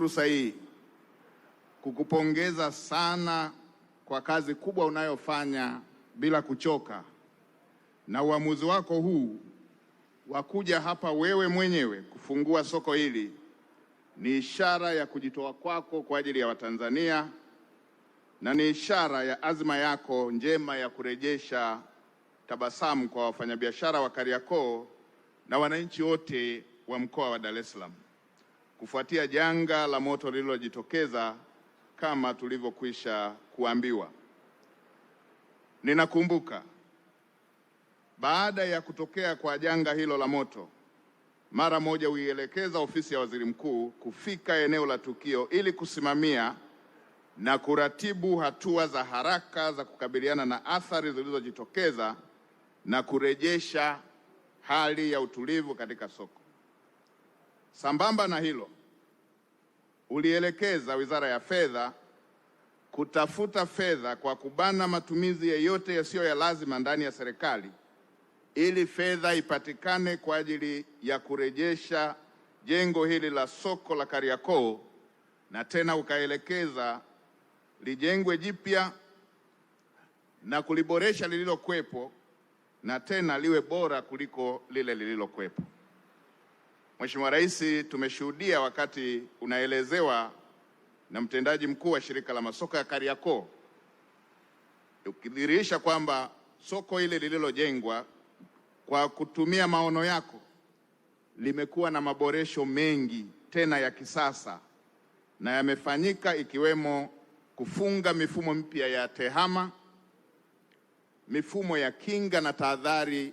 fursa hii kukupongeza sana kwa kazi kubwa unayofanya bila kuchoka, na uamuzi wako huu wa kuja hapa wewe mwenyewe kufungua soko hili ni ishara ya kujitoa kwako kwa ajili ya Watanzania na ni ishara ya azma yako njema ya kurejesha tabasamu kwa wafanyabiashara wa Kariakoo na wananchi wote wa mkoa wa Dar es Salaam kufuatia janga la moto lililojitokeza kama tulivyokwisha kuambiwa. Ninakumbuka baada ya kutokea kwa janga hilo la moto, mara moja uielekeza ofisi ya waziri mkuu kufika eneo la tukio ili kusimamia na kuratibu hatua za haraka za kukabiliana na athari zilizojitokeza na kurejesha hali ya utulivu katika soko. Sambamba na hilo, ulielekeza Wizara ya Fedha kutafuta fedha kwa kubana matumizi yeyote yasiyo ya lazima ndani ya serikali ili fedha ipatikane kwa ajili ya kurejesha jengo hili la soko la Kariakoo, na tena ukaelekeza lijengwe jipya na kuliboresha lililokuwepo, na tena liwe bora kuliko lile lililokuwepo. Mheshimiwa Rais, tumeshuhudia wakati unaelezewa na mtendaji mkuu wa shirika la masoko ya Kariakoo ukidhihirisha kwamba soko hili lililojengwa kwa kutumia maono yako limekuwa na maboresho mengi tena ya kisasa na yamefanyika ikiwemo kufunga mifumo mpya ya tehama, mifumo ya kinga na tahadhari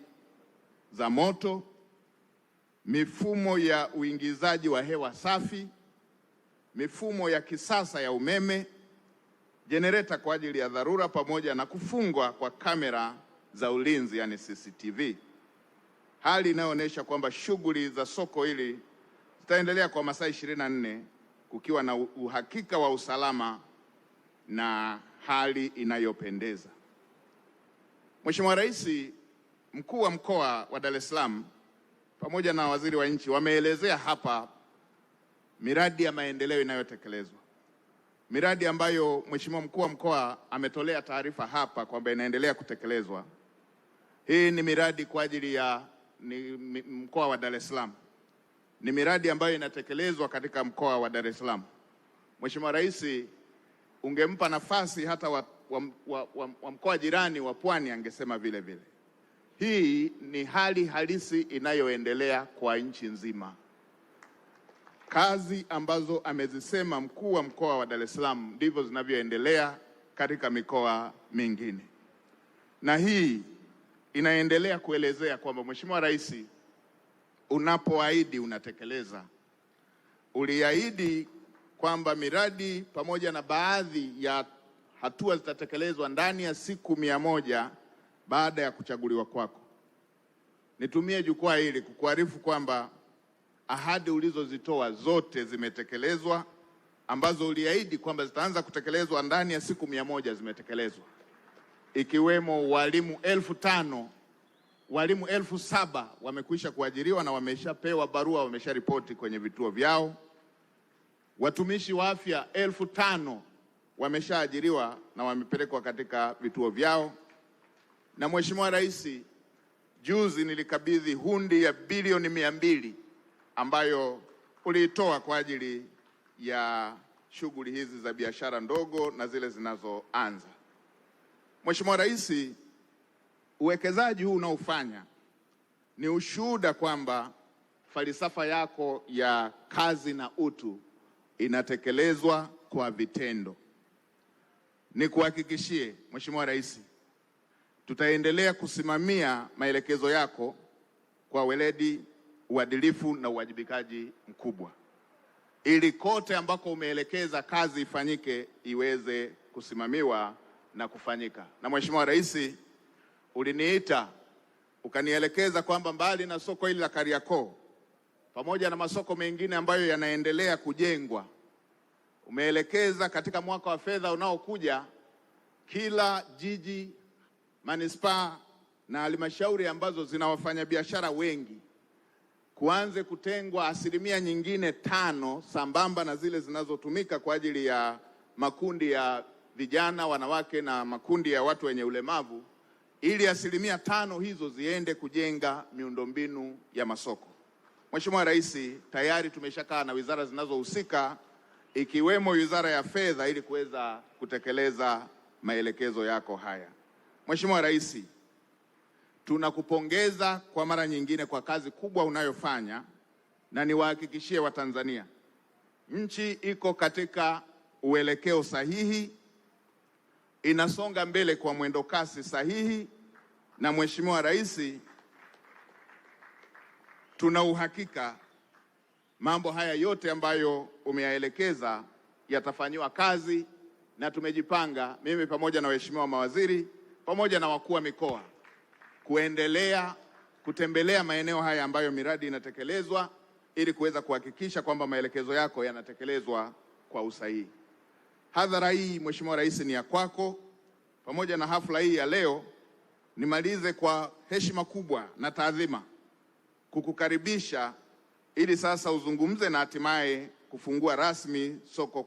za moto mifumo ya uingizaji wa hewa safi, mifumo ya kisasa ya umeme, jenereta kwa ajili ya dharura, pamoja na kufungwa kwa kamera za ulinzi, yani CCTV, hali inayoonyesha kwamba shughuli za soko hili zitaendelea kwa masaa 24 kukiwa na uhakika wa usalama na hali inayopendeza. Mheshimiwa Rais, Mkuu wa Mkoa wa Dar es Salaam pamoja na waziri wa nchi wameelezea hapa miradi ya maendeleo inayotekelezwa, miradi ambayo Mheshimiwa mkuu wa mkoa ametolea taarifa hapa kwamba inaendelea kutekelezwa. Hii ni miradi kwa ajili ya mkoa wa Dar es Salaam, ni miradi ambayo inatekelezwa katika mkoa wa Dar es Salaam. Mheshimiwa Rais, ungempa nafasi hata wa, wa, wa, wa, wa mkoa jirani wa Pwani angesema vile vile. Hii ni hali halisi inayoendelea kwa nchi nzima. Kazi ambazo amezisema mkuu wa mkoa wa Dar es Salaam ndivyo zinavyoendelea katika mikoa mingine, na hii inaendelea kuelezea kwamba Mheshimiwa Rais, unapoahidi unatekeleza. Uliahidi kwamba miradi pamoja na baadhi ya hatua zitatekelezwa ndani ya siku mia moja baada ya kuchaguliwa kwako. Nitumie jukwaa hili kukuarifu kwamba ahadi ulizozitoa zote zimetekelezwa, ambazo uliahidi kwamba zitaanza kutekelezwa ndani ya siku mia moja zimetekelezwa, ikiwemo walimu elfu tano walimu elfu saba wamekwisha kuajiriwa na wameshapewa barua, wamesharipoti kwenye vituo vyao. Watumishi wa afya elfu tano wameshaajiriwa na wamepelekwa katika vituo vyao. Na Mheshimiwa Rais juzi nilikabidhi hundi ya bilioni mia mbili ambayo uliitoa kwa ajili ya shughuli hizi za biashara ndogo na zile zinazoanza. Mheshimiwa Rais, uwekezaji huu unaofanya ni ushuhuda kwamba falsafa yako ya kazi na utu inatekelezwa kwa vitendo. Nikuhakikishie Mheshimiwa Rais Tutaendelea kusimamia maelekezo yako kwa weledi, uadilifu na uwajibikaji mkubwa ili kote ambako umeelekeza kazi ifanyike iweze kusimamiwa na kufanyika. Na Mheshimiwa Rais, uliniita ukanielekeza kwamba mbali na soko hili la Kariakoo pamoja na masoko mengine ambayo yanaendelea kujengwa, umeelekeza katika mwaka wa fedha unaokuja kila jiji manispaa na halmashauri ambazo zina wafanyabiashara wengi kuanze kutengwa asilimia nyingine tano sambamba na zile zinazotumika kwa ajili ya makundi ya vijana, wanawake na makundi ya watu wenye ulemavu, ili asilimia tano hizo ziende kujenga miundombinu ya masoko. Mheshimiwa Rais, tayari tumeshakaa na wizara zinazohusika ikiwemo Wizara ya Fedha ili kuweza kutekeleza maelekezo yako haya. Mheshimiwa Rais, tunakupongeza kwa mara nyingine kwa kazi kubwa unayofanya, na niwahakikishie Watanzania nchi iko katika uelekeo sahihi, inasonga mbele kwa mwendo kasi sahihi, na Mheshimiwa Rais, tuna uhakika mambo haya yote ambayo umeyaelekeza yatafanyiwa kazi na tumejipanga, mimi pamoja na waheshimiwa mawaziri pamoja na wakuu wa mikoa kuendelea kutembelea maeneo haya ambayo miradi inatekelezwa ili kuweza kuhakikisha kwamba maelekezo yako yanatekelezwa kwa usahihi. Hadhara hii Mheshimiwa Rais ni ya kwako, pamoja na hafla hii ya leo. Nimalize kwa heshima kubwa na taadhima kukukaribisha ili sasa uzungumze na hatimaye kufungua rasmi soko